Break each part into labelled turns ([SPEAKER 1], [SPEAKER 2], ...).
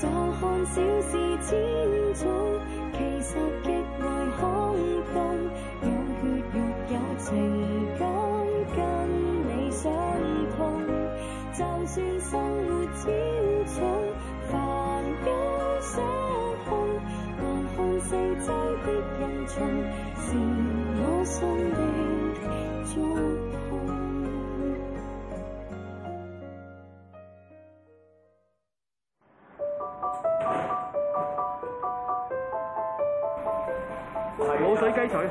[SPEAKER 1] 就看小事千種，其實極為空洞。有血肉有情感，跟你相通。就算生活千種，煩憂失控，但看四周的人叢，是我心的蹤。雞
[SPEAKER 2] 腿，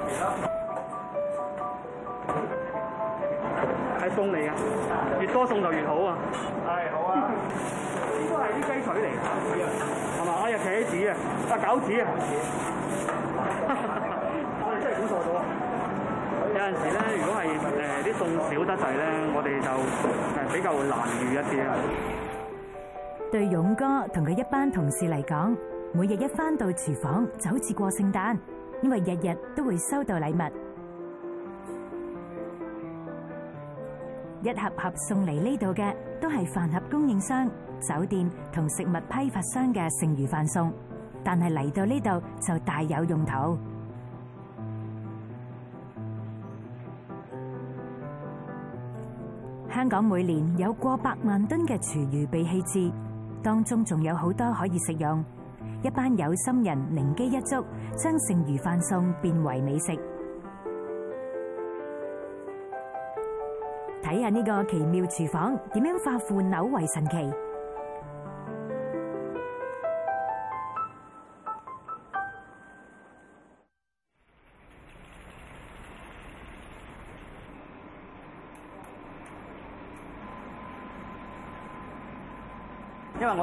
[SPEAKER 2] 係送嚟嘅，越多送就越好，係好啊！係 好 啊，應該係啲雞腿嚟嘅，係嘛？哎呀，茄子啊，啊餃子啊， 我哋真係估錯咗。 有陣時咧，如果係誒啲餸少得滯咧，我哋就誒比較會難預一啲啦。
[SPEAKER 1] 對勇哥同佢一班同事嚟講，每日一返到廚房就好似過聖誕因為日日都會收到禮物，一盒盒送嚟呢度嘅，都係飯盒供應商、酒店同食物批發商嘅剩餘飯餸。但係嚟到呢度就大有用途。香港每年有過百萬噸嘅廚餘被棄置，當中仲有好多可以食用。一班有心人，靈機一觸，將剩餘飯餸變為美食。睇下呢個奇妙廚房，點樣化腐朽為神奇。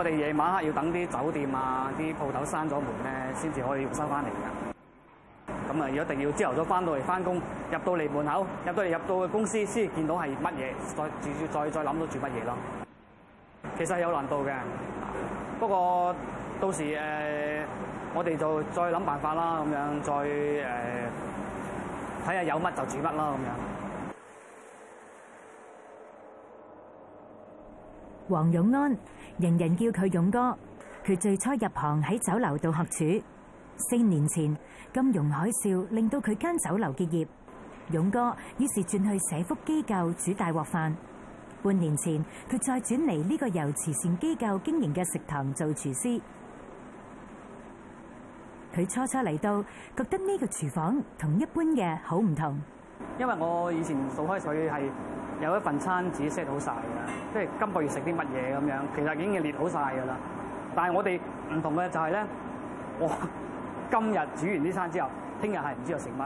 [SPEAKER 2] 我哋夜晚黑要等啲酒店啊、啲鋪頭閂咗門咧，先至可以收翻嚟㗎。咁啊，一定要朝頭早翻到嚟翻工，入到嚟門口，入到嚟入到嘅公司，先至見到係乜嘢，再再再再諗到住乜嘢咯。其實有難度嘅，不過到時誒、呃，我哋就再諗辦法啦，咁樣再誒睇下有乜就住乜啦，咁樣。
[SPEAKER 1] 黃勇安。人人叫佢勇哥，佢最初入行喺酒樓度學廚。四年前金融海嘯令到佢間酒樓結業，勇哥於是轉去社福機構煮大鑊飯。半年前佢再轉嚟呢個由慈善機構經營嘅食堂做廚師。佢初初嚟到，覺得呢個廚房同一般嘅好唔同，
[SPEAKER 2] 因為我以前倒開水係。有一份餐紙 set 好晒㗎，即係今個月食啲乜嘢咁樣，其實已經係列好晒㗎啦。但係我哋唔同嘅就係咧，我今日煮完啲餐之後，聽日係唔知道食乜，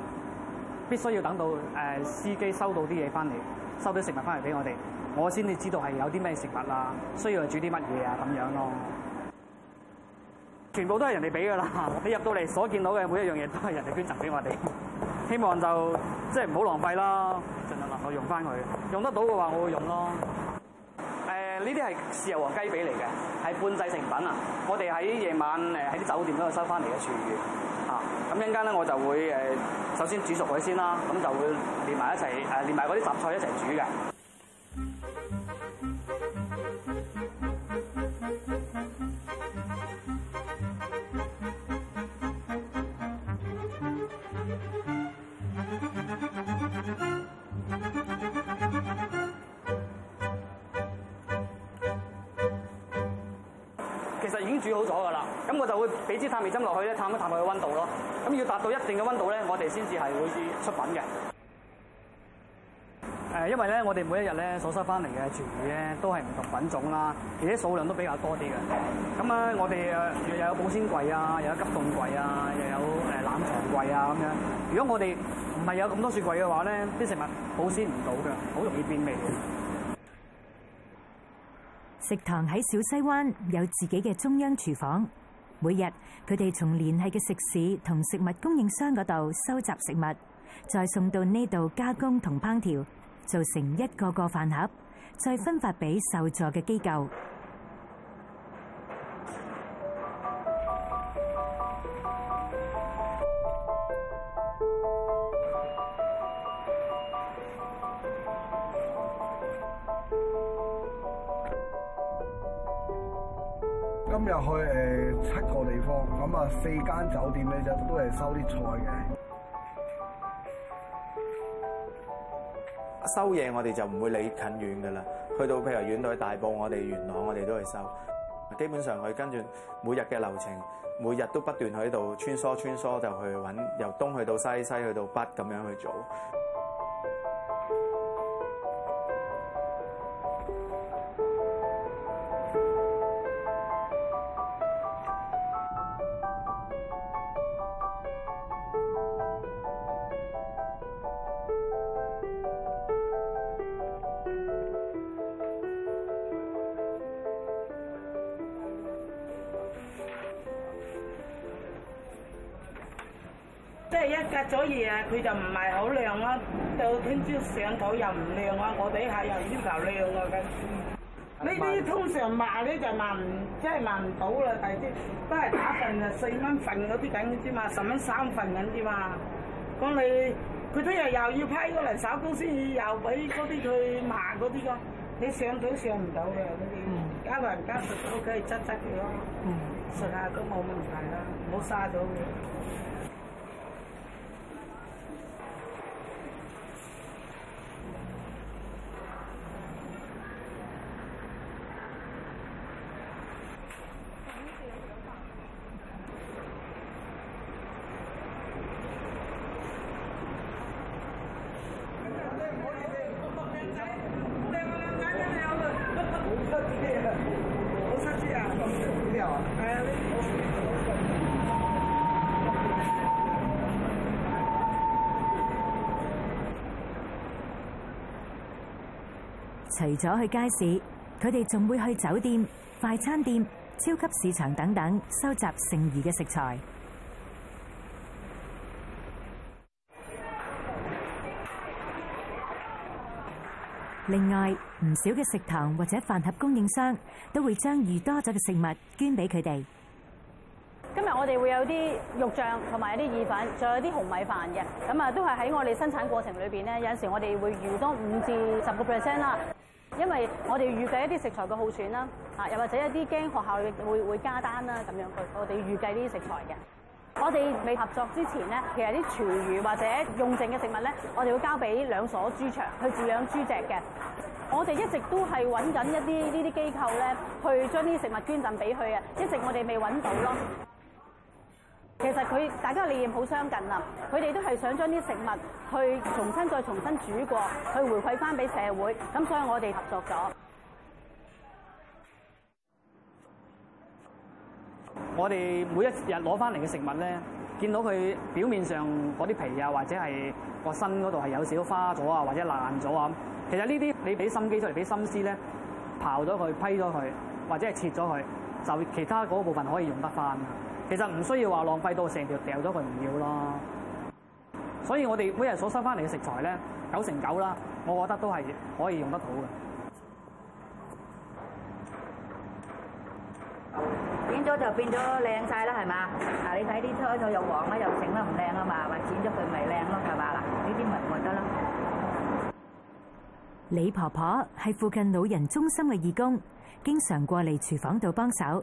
[SPEAKER 2] 必須要等到誒司機收到啲嘢翻嚟，收到食物翻嚟俾我哋，我先至知道係有啲咩食物啊，需要去煮啲乜嘢啊咁樣咯。全部都係人哋俾㗎啦，你入到嚟所見到嘅每一樣嘢都係人哋捐贈俾我哋。希望就即係唔好浪費啦，盡量能夠用翻佢，用得到嘅話我會用咯。
[SPEAKER 3] 誒、呃，
[SPEAKER 2] 呢啲係豉油王雞髀嚟嘅，係半製成品啊。我哋喺夜晚喺啲酒店嗰度收翻嚟嘅廚餘啊，咁陣間咧我就會首先煮熟佢先啦，咁就會連埋一齊誒、啊、連埋嗰啲雜菜一齊煮嘅。就會俾支探熱針落去咧，探一探佢嘅溫度咯。咁要達到一定嘅溫度咧，我哋先至係會啲出品嘅。誒，因為咧，我哋每一日咧所收翻嚟嘅廚餘咧，都係唔同品種啦，而且數量都比較多啲嘅。咁啊，我哋誒又有保鮮櫃啊，又有急凍櫃啊，又有誒冷藏櫃啊咁樣。如果我哋唔係有咁多雪櫃嘅話咧，啲食物保鮮唔到嘅，好容易變味。
[SPEAKER 1] 食堂喺小西灣有自己嘅中央廚房。每日，佢哋從聯繫嘅食肆同食物供應商嗰度收集食物，再送到呢度加工同烹調，做成一個個飯盒，再分發俾受助嘅機構。
[SPEAKER 2] 今日去誒七個地方，咁啊四間酒店咧就都係收啲菜
[SPEAKER 3] 嘅。收嘢，我哋就唔會理近遠嘅啦，去到譬如遠到去大埔，我哋元朗我哋都係收。基本上佢跟住每日嘅流程，每日都不斷喺度穿梭穿梭，穿梭就去揾由東去到西，西去到北咁樣去做。
[SPEAKER 2] 隔咗夜啊，佢就唔係好靚咯。到聽朝上到又唔靚啊，我哋客又要求靚啊嘅。呢啲通常賣咧就賣唔，真係賣唔到啦。但係啲都係打份啊，四蚊份嗰啲咁嘅啫嘛，十蚊三份咁啫嘛。咁你佢聽日又要批過嚟手工先，又俾嗰啲佢賣嗰啲嘅，你上到上唔到嘅嗰啲。加落人家食都 OK，質質嘅咯，食下都冇問題啦，唔好嘥咗佢。
[SPEAKER 1] 除咗去街市，佢哋仲會去酒店、快餐店、超級市場等等收集剩餘嘅食材。另外，唔少嘅食堂或者飯盒供應商都會將餘多咗嘅食物捐俾佢哋。
[SPEAKER 2] 今日我哋會有啲肉醬同埋一啲意粉，仲有啲紅米飯嘅。咁啊，都係喺我哋生產過程裏邊咧，有陣時候我哋會預多五至十個 percent 啦。因為我哋預計一啲食材嘅耗損啦，啊又或者一啲驚學校會會加單啦咁樣，我我哋預計呢啲食材嘅。我哋未合作之前咧，其實啲廚餘或者用剩嘅食物咧，我哋會交俾兩所豬場去飼養豬隻嘅。我哋一直都係揾緊一啲呢啲機構咧，去將啲食物捐贈俾佢嘅，一直我哋未揾到咯。其實佢大家嘅理念好相近啊。佢哋都係想將啲食物去重新再重新煮過，去回饋翻俾社會。咁所以我哋合作咗。我哋每一日攞翻嚟嘅食物咧，見到佢表面上嗰啲皮啊，或者係個身嗰度係有少少花咗啊，或者爛咗啊，其實呢啲你俾心機出嚟，俾心思咧，刨咗佢、批咗佢，或者係切咗佢，就其他嗰部分可以用得翻。其實唔需要話浪費到成條掉咗佢唔要咯，所以我哋每日所收翻嚟嘅食材咧，九成九啦，我覺得都係可以用得到嘅。剪咗就變咗靚晒啦，係嘛？嗱，你睇啲菜又黃啦，又整得唔靚啊嘛，話剪咗佢咪靚咯，係嘛啦？呢啲咪唔得啦。
[SPEAKER 1] 李婆婆係附近老人中心嘅義工，經常過嚟廚房度幫手。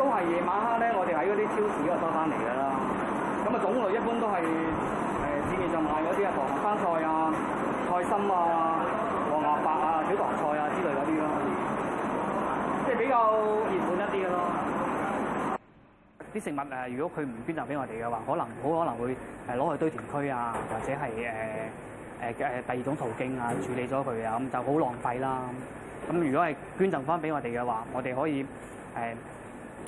[SPEAKER 2] 都係夜晚黑咧，我哋喺嗰啲超市度收翻嚟噶啦。咁啊，種類一般都係誒市面上賣嗰啲啊，唐生菜啊、菜心啊、黃芽白啊、小唐菜啊之類嗰啲咯，即係比較熱門一啲嘅咯。啲食物誒，如果佢唔捐贈俾我哋嘅話，可能好可能會係攞去堆填區啊，或者係誒誒誒第二種途徑啊處理咗佢啊，咁就好浪費啦。咁如果係捐贈翻俾我哋嘅話，我哋可以誒。欸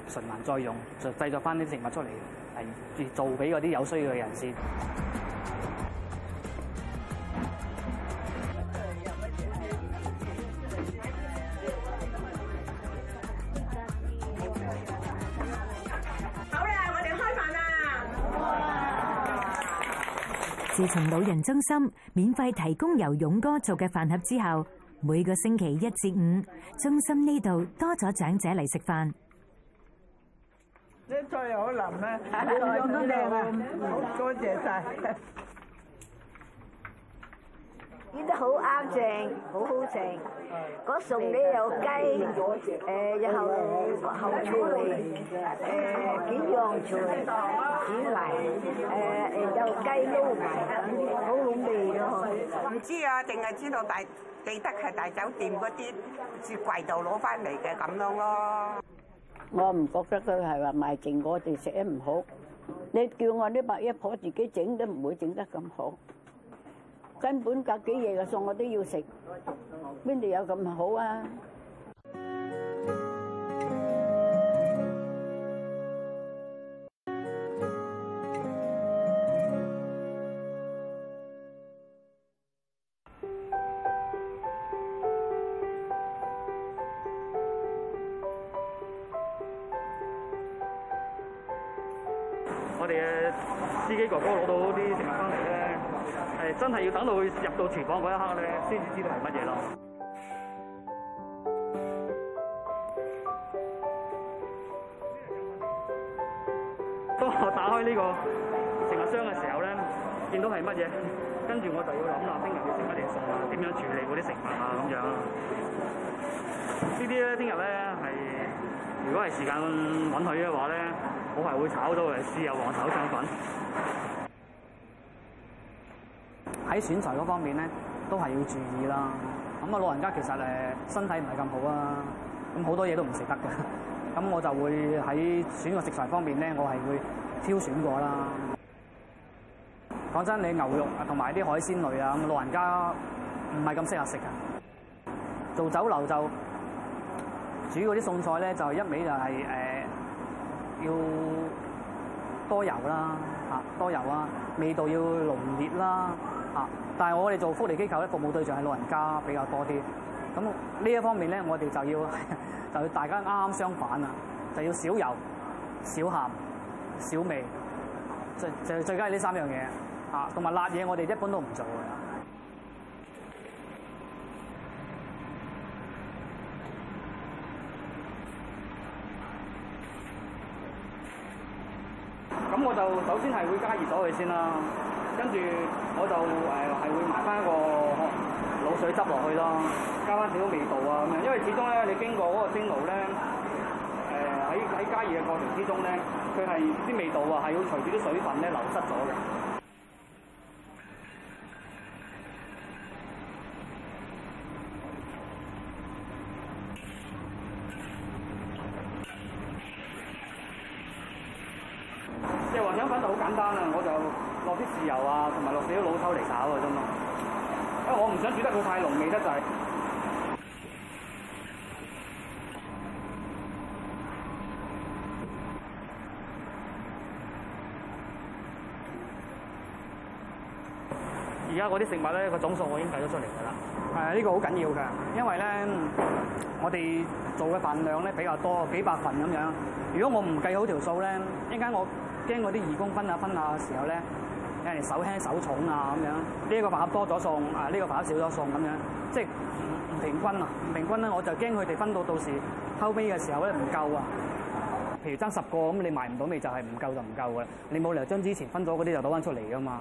[SPEAKER 2] 循環再用，就製作翻啲食物出嚟，係做俾嗰啲有需要嘅人士。
[SPEAKER 1] 好啦，我哋開飯啦！自從老人中心免費提供由勇哥做嘅飯盒之後，每個星期一至五，中心呢度多咗長者嚟食飯。
[SPEAKER 3] 啲菜又好腍咧，都靚啊！好多謝晒，
[SPEAKER 1] 整得好啱正，好好正。嗰餸咧有雞，誒又後後菜，誒幾樣菜？點嚟？誒誒有雞碌泥，好好味咯。唔知
[SPEAKER 2] 啊，淨係知道大記得係大酒店嗰啲雪櫃度攞翻嚟嘅咁
[SPEAKER 1] 樣咯。我唔覺得佢係話賣剩我哋食得唔好，你叫我啲伯爺婆自己整都唔會整得咁好，根本隔幾夜嘅餸我都要食，邊度有咁好啊？
[SPEAKER 2] 哥哥攞到啲食物翻嚟咧，係真係要等到佢入到廚房嗰一刻咧，先至知道係乜嘢咯。當我打開呢個食物箱嘅時候咧，見到係乜嘢，跟住我就要諗啦，聽日要食乜嘢餸啊，點樣處理嗰啲食物啊咁樣這些呢。呢啲咧，聽日咧係如果係時間允許嘅話咧，我係會炒到嚟豉油黃炒腸粉。喺選材嗰方面咧，都係要注意啦。咁啊，老人家其實誒身體唔係咁好啊，咁好多嘢都唔食得嘅。咁我就會喺選個食材方面咧，我係會挑選過啦。講真，你牛肉同埋啲海鮮類啊，咁老人家唔係咁適合食啊。做酒樓就煮嗰啲餸菜咧，就一味就係、是、誒、呃、要多油啦。多油啊，味道要濃烈啦，嚇！但係我哋做福利機構咧，服務對象係老人家比較多啲，咁呢一方面咧，我哋就要就要大家啱啱相反啊，就要少油、少鹹、少味，就最最最緊係呢三樣嘢啊！同埋辣嘢，我哋一般都唔做嘅。首先係會加熱咗佢先啦，跟住我就誒係、呃、會埋翻一個滷水汁落去咯，加翻少少味道啊咁樣，因為始終咧你經過嗰個蒸爐咧，誒喺喺加熱嘅過程之中咧，佢係啲味道啊係要隨住啲水分咧流失咗嘅。嗰啲食物咧，個總數我已經計咗出嚟㗎啦。誒，呢個好緊要㗎，因為咧，我哋做嘅份量咧比較多，幾百份咁樣。如果我唔計好條數咧，一陣間我驚嗰啲義工分啊分啊嘅時候咧，有人手輕手重啊咁樣，呢、呢個飯盒多咗餸，啊、呢、呢個飯盒少咗餸咁樣，即係唔平均啊！唔平均咧，我就驚佢哋分到到時後尾嘅時候咧唔夠啊。譬如爭十個咁、就係，你賣唔到咪就係唔夠就唔夠㗎啦。你冇理由將之前分咗嗰啲就倒翻出嚟㗎嘛。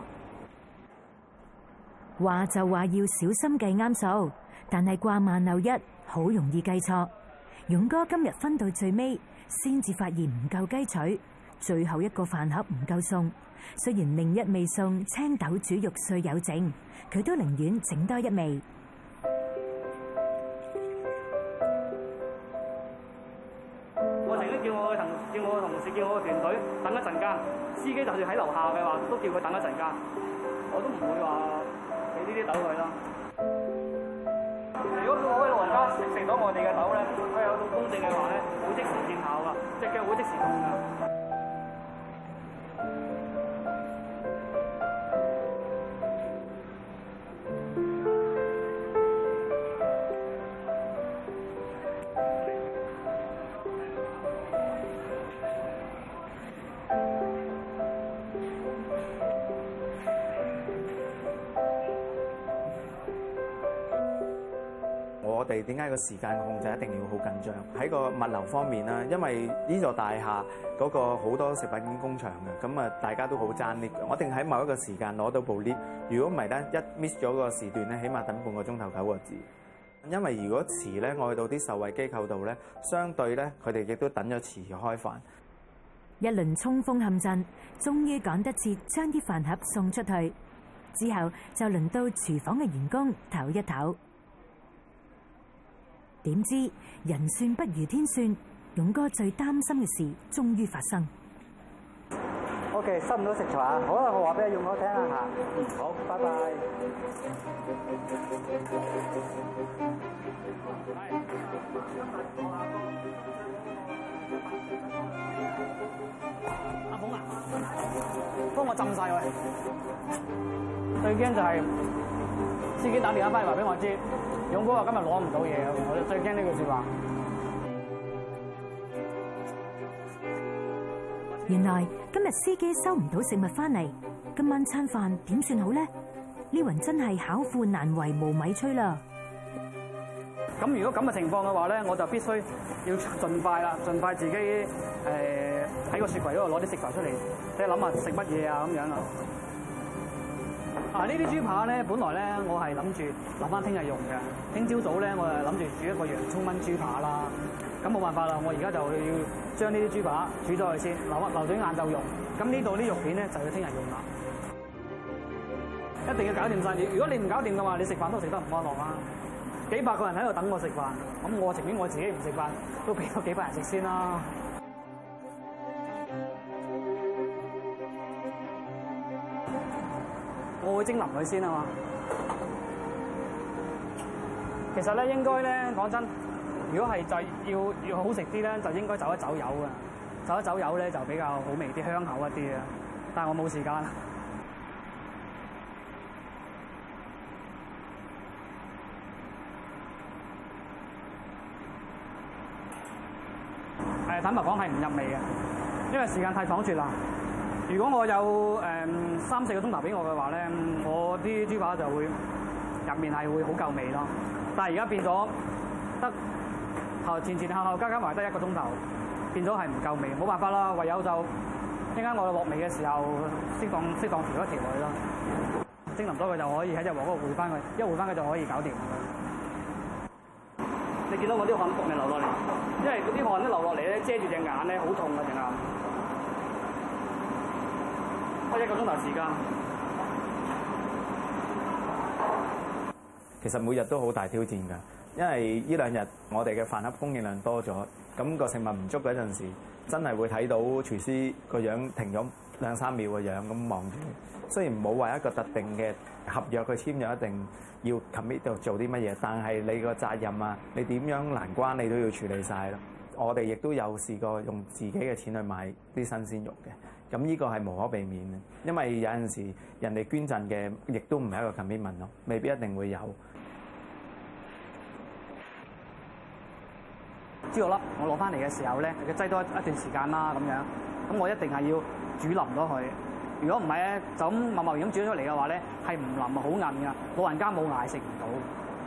[SPEAKER 1] 話就話要小心計啱數，但係掛萬漏一，好容易計錯。勇哥今日分到最尾，先至發現唔夠雞嘴，最後一個飯盒唔夠送。雖然另一味送青豆煮肉碎有剩，佢都寧願整多一味。
[SPEAKER 2] 我成日叫我個同，叫我同事，叫我團隊等一陣間，司機就算喺樓下嘅話，都叫佢等一陣間，我都唔會話。呢啲豆類啦，okay。如果佢老人家食成到我哋嘅豆咧，佢有到公證嘅話咧，會即時見效噶，即係會即時生效。
[SPEAKER 3] 我哋點解個時間控制一定要好緊張？喺個物流方面啦，因為呢座大廈嗰個好多食品工場嘅，咁啊大家都好爭 lift。我定喺某一個時間攞到部 lift，如果唔係咧，一 miss 咗個時段咧，起碼等半個鐘頭九個字。因為如果遲咧，我去到啲受惠機構度咧，相對咧佢哋亦都等咗遲開飯。
[SPEAKER 1] 一輪衝鋒陷陣，終於趕得切將啲飯盒送出去，之後就輪到廚房嘅員工唞一唞。點知人算不如天算，勇哥最擔心嘅事終於發生。
[SPEAKER 2] OK，收唔到食材啊，好啦，我話俾阿勇
[SPEAKER 3] 哥聽啦吓。嗯，好，拜拜。Okay.
[SPEAKER 2] 阿鳳啊，幫我浸晒佢。最驚就係司機打電話翻嚟，話俾我知，勇哥話今日攞唔到嘢，我就最驚呢句說話。
[SPEAKER 1] 原來今日司機收唔到食物翻嚟，今晚餐飯點算好咧？呢云真係巧婦難為無米炊啦！
[SPEAKER 2] 咁如果咁嘅情況嘅話咧，我就必須要盡快啦，盡快自己喺個、呃、雪櫃嗰度攞啲食材出嚟，即係諗下食乜嘢啊咁樣啦啊，啊啊豬呢啲豬扒咧，本來咧我係諗住留返聽日用嘅，聽朝早咧我就諗住煮一個洋葱炆豬扒啦。咁冇辦法啦，我而家就要將呢啲豬扒煮咗佢先，留留到晏晝用。咁呢度啲肉片咧就要聽日用啦。一定要搞掂曬，如果你唔搞掂嘅話，你食飯都食得唔安樂啦。幾百個人喺度等我食飯，咁我情願我自己唔食飯，都俾多幾百人食先啦。我會蒸淋佢先啊嘛。其實咧，應該咧，講真，如果係再要要好食啲咧，就應該走一走油啊。走一走油咧，就比較好味啲，香口一啲啊。但我冇時間啊。坦白講係唔入味嘅，因為時間太爽絕啦。如果我有誒三四個鐘頭俾我嘅話咧，我啲豬扒就會入面係會好夠味咯。但係而家變咗得頭前前後後加加埋得一個鐘頭，變咗係唔夠味。冇辦法啦，唯有就一家我落味嘅時候，適當適當調一調落去咯。蒸腍咗佢就可以喺隻鑊嗰度回翻佢，一回翻佢就可以搞掂。你見到我啲汗搏命流落嚟，因為嗰啲汗都流落嚟咧，遮住隻眼咧，好痛啊隻眼。開一個鐘頭時,時
[SPEAKER 3] 間。其實每日都好大挑戰㗎，因為呢兩日我哋嘅飯盒供應量多咗，咁個食物唔足嗰陣時，真係會睇到廚師個樣停咗。兩三秒嘅樣咁望住，雖然唔好話一個特定嘅合約去簽約，一定要 commit 度做啲乜嘢，但係你個責任啊，你點樣難關你都要處理晒咯。我哋亦都有試過用自己嘅錢去買啲新鮮肉嘅，咁呢個係無可避免嘅，因為有陣時人哋捐贈嘅亦都唔係一個 commitment 咯，未必一定會有。
[SPEAKER 2] 知道粒，我攞翻嚟嘅時候咧，佢擠多一段時間啦咁樣，咁我一定係要。煮腍咗佢，如果唔係咧，就咁默默咁煮出嚟嘅話咧，係唔腍好硬噶。老人家冇牙食唔到，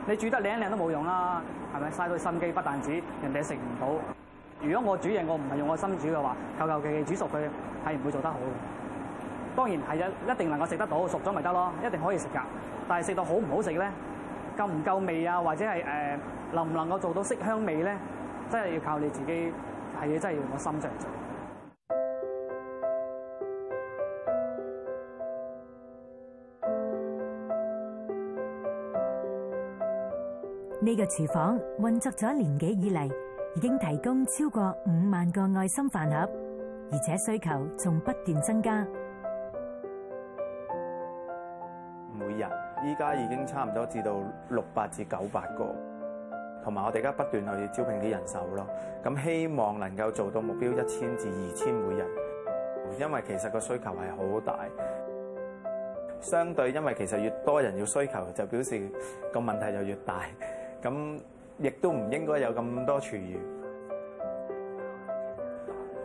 [SPEAKER 2] 你煮得靚靚都冇用啦，係咪？嘥佢心機，不但止，人哋食唔到。如果我煮嘢，我唔係用我心煮嘅話，求求其嘅煮熟佢，係唔會做得好。當然係一一定能夠食得到，熟咗咪得咯，一定可以食噶。但係食到好唔好食咧，夠唔夠味啊，或者係、呃、能唔能夠做到色香味咧，真係要靠你自己，係嘢真係要用我心上做。
[SPEAKER 1] 呢、這個廚房運作咗年幾以嚟，已經提供超過五萬個愛心飯盒，而且需求仲不斷增加。
[SPEAKER 3] 每日依家已經差唔多到至到六百至九百個，同埋我哋而家不斷去招聘啲人手咯。咁希望能夠做到目標一千至二千每人，因為其實個需求係好大。相對，因為其實越多人要需求，就表示個問題就越大。咁亦都唔應該有咁多廚餘。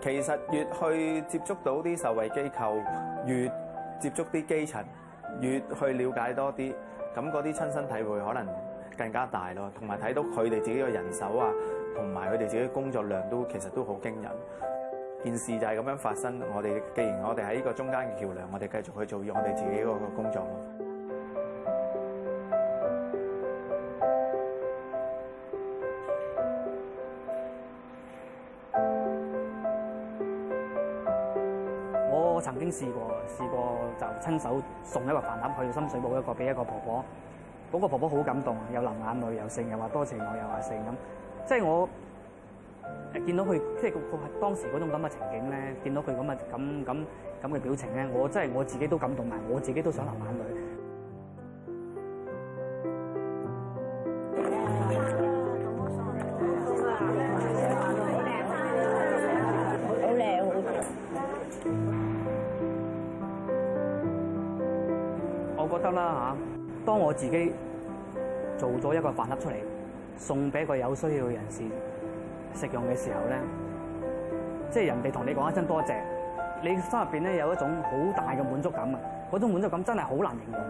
[SPEAKER 3] 其實越去接觸到啲受惠機構，越接觸啲基層，越去了解多啲，咁嗰啲親身體會可能更加大咯。同埋睇到佢哋自己個人手啊，同埋佢哋自己工作量都其實都好驚人。件事就係咁樣發生。我哋既然我哋喺呢個中間嘅橋梁，我哋繼續去做住我哋自己嗰個工作。
[SPEAKER 2] 我就親手送一個飯盒去深水埗，一個俾一個婆婆。嗰個婆婆好感動，啊，又流眼淚，又剩又話多謝我，又話剩咁。即係我見到佢，即係個當時種咁嘅情景咧，見到佢咁嘅咁咁咁嘅表情咧，我真係我自己都感動埋，我自己都想流眼淚。當我自己做咗一個飯盒出嚟，送俾一個有需要嘅人士食用嘅時候咧，即係人哋同你講一聲多謝，你心入邊咧有一種好大嘅滿足感啊，嗰種滿足感真係好難形容。